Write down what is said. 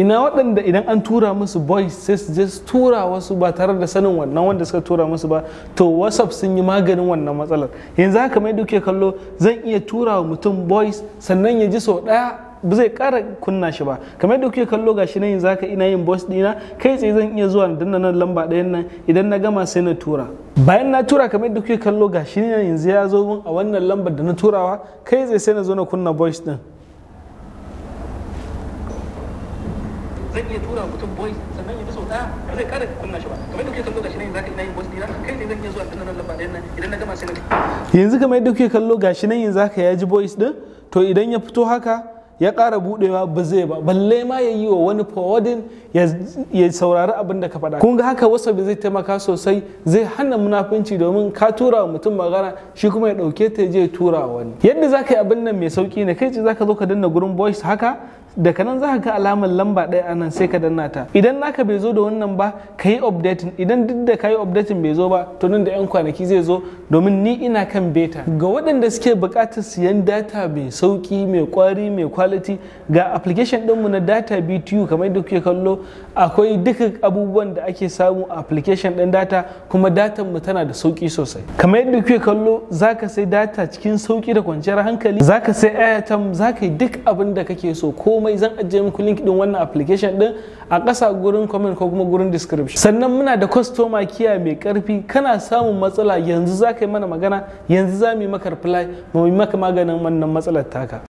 ina waɗanda idan an tura musu boys sai su je tura wasu ba tare da sanin wannan wanda suka tura musu ba to whatsapp sun yi maganin wannan matsalar yanzu haka mai duke kallo zan iya tura wa mutum boys sannan ya ji sau ɗaya ba zai ƙara kunna shi ba kamar yadda kuke kallo gashi nan yanzu haka ina yin boss dina kai tsaye zan iya zuwa danna nan lamba ɗayan nan idan na gama sai na tura bayan na tura kamar yadda kuke kallo gashi nan yanzu ya zo mun a wannan lambar da na turawa kai tsaye sai na zo na kunna boss din zan iya tura mutum boy sannan ya bi sau ɗaya ba zai kare kunna shi ba kamar yadda kuke kallo gashi nan za ka ina yin boy dina kai ne zan iya zuwa tunanin lamba ɗayan nan idan na gama sai na yanzu kamar yadda kuke kallo gashi nan yanzu haka ya ji boys din to idan ya fito haka ya ƙara budewa ba zai ba balle ma ya yi wa wani forwardin ya saurari abin da ka faɗa kun ga haka wasa zai taimaka sosai zai hana munafunci domin ka tura wa mutum magana shi kuma ya ɗauke ta je tura wani yadda za ka yi abin nan mai sauki ne kai ce za ka zo ka danna gurin boys haka daga nan za ka ga alamar lamba ɗaya a nan sai ka danna ta idan naka bai zo da wannan ba ka yi updating idan duk da ka yi updating bai zo ba to nan da 'yan kwanaki zai zo domin ni ina kan beta ga waɗanda suke buƙatar siyan data mai sauƙi mai ƙwari mai quality ga application ɗinmu na data btu kamar yadda kuke kallo akwai duka abubuwan da ake samu a application ɗin data kuma datan mu tana da sauƙi sosai kamar yadda kuke kallo za ka sai data cikin sauƙi da kwanciyar hankali za ka sai airtime za ka yi duk abin da kake so ko komai zan ajiye muku link din wannan application din a ƙasa gurin comment ko kuma gurin description sannan muna da customer care mai karfi kana samun matsala yanzu za ka yi mana magana yanzu za mu yi maka reply mu yi maka maganin wannan matsalar taka